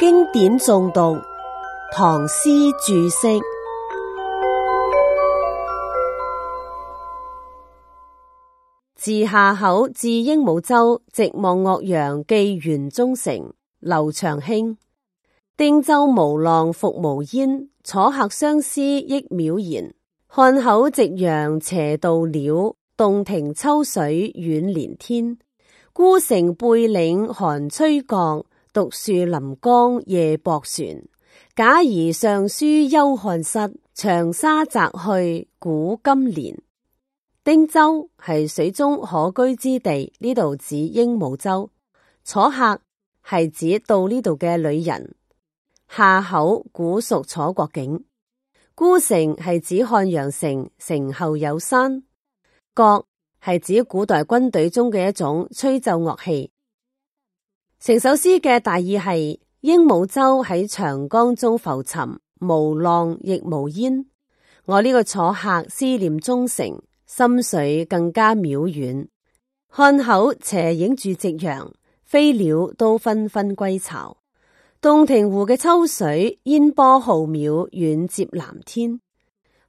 經典誦讀，唐詩注釋。自夏口至鸚鵡洲，直望岳陽，寄元中丞。劉長卿。汀洲無浪復無煙，楚客相思益渺然。漢口夕陽斜渡鳥，洞庭秋水遠連天。孤城背嶺寒，寒吹角。」綠樹臨江夜泊船，假如尚書幽漢室。長沙澤去古今蓮。丁州係水中可居之地。呢度指鸚鵡洲。楚客係指到呢度嘅女人。夏口古屬楚國境，孤城係指漢陽城，城後有山。角係指古代軍隊中嘅一種吹奏樂器。成首詩嘅大意係：鸚鵡洲喺長江中浮沉，無浪亦無煙。我呢個楚客思念忠誠，心緒更加渺遠。漢口斜映住夕陽，飛鳥都紛紛歸巢。洞庭湖嘅秋水煙波浩渺，遠接藍天。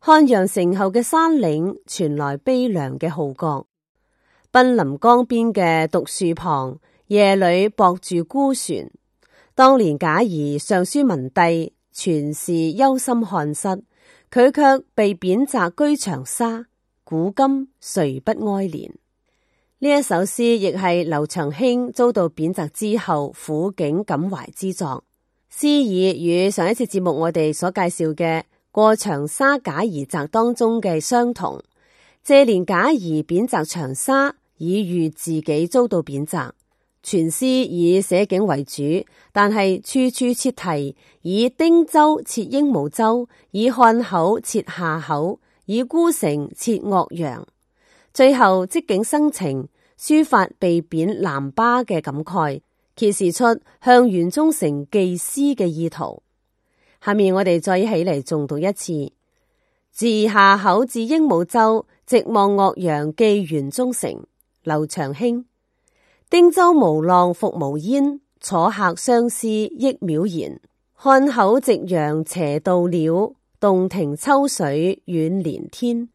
漢陽城後嘅山嶺傳來悲涼嘅號角，瀕臨江邊嘅獨樹旁。夜裏泊住孤船。當年賈誼上書文帝，全是憂心漢室，佢卻被貶謫居長沙。古今誰不哀憐？呢一首詩亦係劉長卿遭到貶謫之後苦境感懷之作。詩意與上一次節目我哋所介紹嘅《過長沙賈誼宅》當中嘅相同，借年賈誼貶謫長沙，以喻自己遭到貶謫。全詩以寫景為主，但係處處切題，以汀洲切鸚鵡洲，以漢口切夏口，以孤城切岳陽，最後即景生情，抒發被貶南巴嘅感慨，揭示出向源中丞寄詩嘅意圖。下面我哋再一起嚟重讀一次：自夏口至鸚鵡洲，直望岳陽寄源中丞。劉長卿。汀州無浪復無煙，楚客相思益渺然。漢口夕陽斜渡鳥，洞庭秋水遠連天。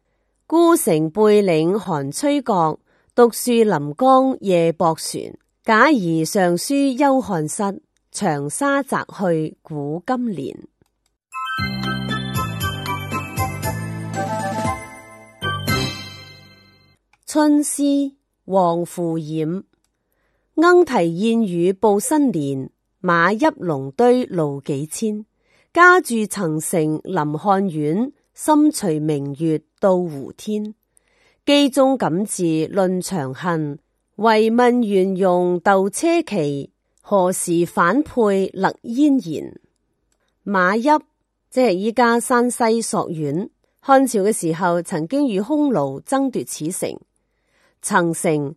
孤城背嶺寒吹角，獨樹臨江夜泊船。賈誼上書憂漢室，長沙澤去古今憐。春思，皇甫冉。鶯啼燕語報新年，馬邑龍堆路幾千。家住層城臨漢苑，心隨明月到胡天。機中錦字論長恨，為問元戎竇車騎，何時返旆勒燕然？馬邑即係依家山西朔縣，漢朝嘅時候曾經與匈奴爭奪此城，層城。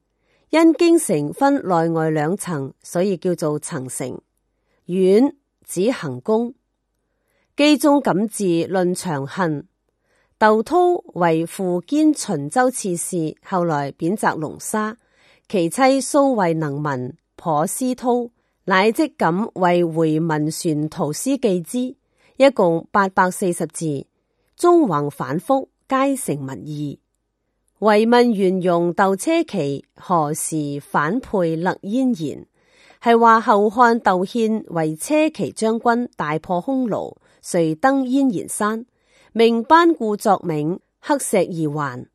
因京城分內外兩層，所以叫做層城。縣指行宮，機中錦字論長恨。竇滔為苻堅秦，秦州刺史，後來貶謫龍沙，其妻蘇蕙能文，頗思滔乃織錦為回文旋圖詩記之，一共八百四十字，中橫反覆，皆成文意。為問元戎竇車騎，何時返旆勒燕然？係話後漢竇憲為車騎將軍，大破匈奴，遂登燕然山，命班固作銘，刻石而還。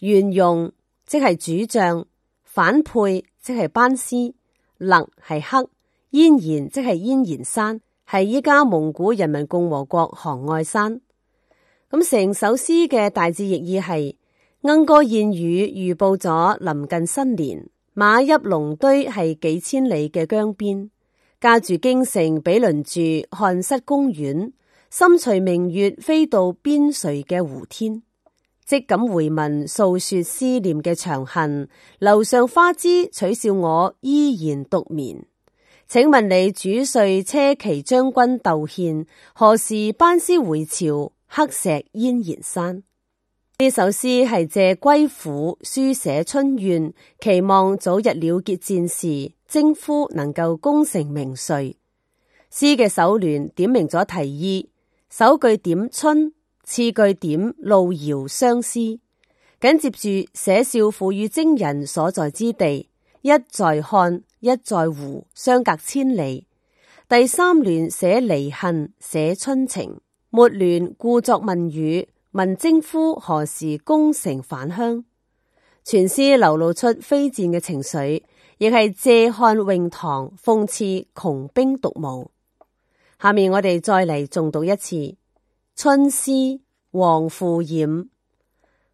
元戎即係主將，返旆即係班師，勒係刻，燕然即係燕然山，係依家蒙古人民共和國杭愛山。咁成首詩嘅大致意義係。鶯歌燕語預報咗臨近新年，馬邑龍堆係幾千里嘅江邊，家住京城比輪住，比鄰住漢室公園，心隨明月飛到邊陲嘅湖天，即噉回文訴說思念嘅長恨，樓上花枝取笑我依然獨眠。請問你主帥車騎將軍竇憲，何時班師回朝？黑石燕然山。呢首詩係借歸府書寫春怨，期望早日了結戰事，征夫能夠功成名遂。詩嘅首聯點明咗題意，首句點春，次句點路遙相思。緊接住寫少婦與征人所在之地，一在漢，一在胡，相隔千里。第三聯寫離恨，寫春情。末聯故作問語。問征夫何時功成返鄉？全詩流露出非戰嘅情緒，亦係借漢詠唐諷刺窮兵黷武。下面我哋再嚟重讀一次《春思》：皇甫冉，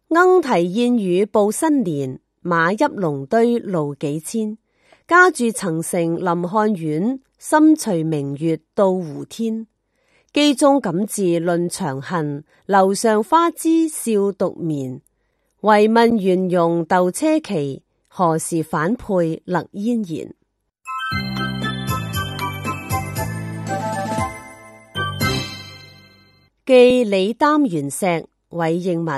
鶯啼燕語報新年，馬邑龍堆路幾千。家住層城臨漢苑，心隨明月到胡天。機中錦字論長恨，樓上花枝笑獨眠。為問元戎竇車騎，何時返旆勒燕然？寄 李儋元錫韋應物。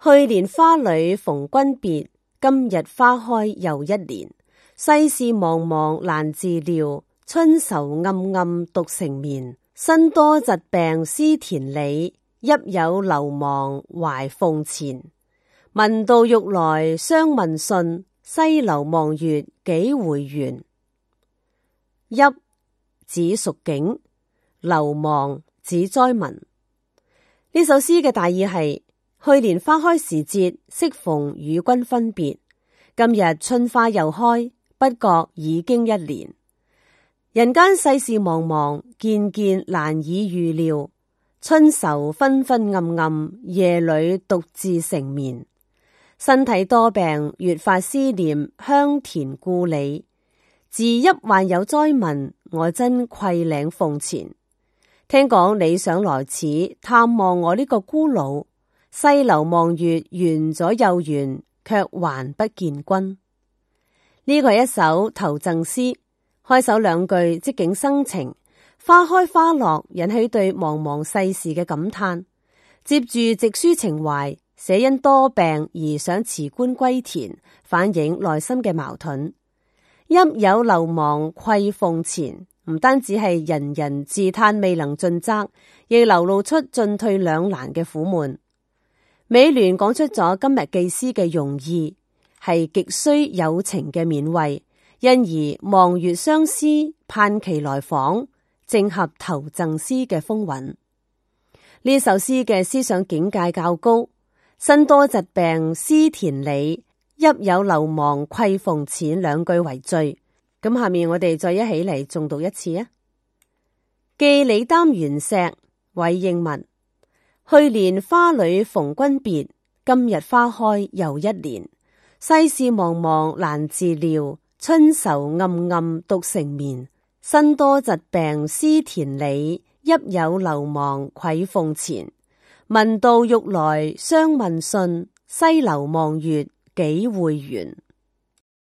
去年花裏逢君別，今日花開又一年。世事茫茫難自料，春愁暗暗獨成眠。身多疾病思田里，邑有流亡愧俸錢。聞道欲來相問訊，西樓望月幾回圓。邑指蜀境，流亡指災民。呢首詩嘅大意係：去年花開時節，適逢與君分別；今日春花又開，不覺已經一年。人間世事茫茫，件件難以預料。春愁昏昏暗暗，夜裏獨自成眠。身體多病，越發思念鄉田故里。自一患有災民，我真愧領俸錢。聽講你想來此探望我呢個孤老，西樓望月，圓咗又圓，卻還不見君。呢個係一首投贈詩。開首兩句即景生情，花開花落，引起對茫茫世事嘅感歎。接住直抒情懷，寫因多病而想辭官歸田，反映內心嘅矛盾。陰有流亡愧奉前，唔單止係人人自歎未能盡責，亦流露出進退兩難嘅苦悶。美聯講出咗今日祭司嘅用意，係極需友情嘅勉慰。因而望月相思，盼其來訪，正合投贈詩嘅風韻。呢首詩嘅思想境界較高，身多疾病思田里，邑有流亡愧俸錢兩句為最，咁下面我哋再一起嚟誦讀一次啊。寄李儋元錫韋應物，去年花裏逢君別，今日花開又一年。世事茫茫難自料。春愁暗暗獨成眠，身多疾病思田里，邑有流亡愧俸錢。聞道欲來相問訊，西樓望月幾回圓。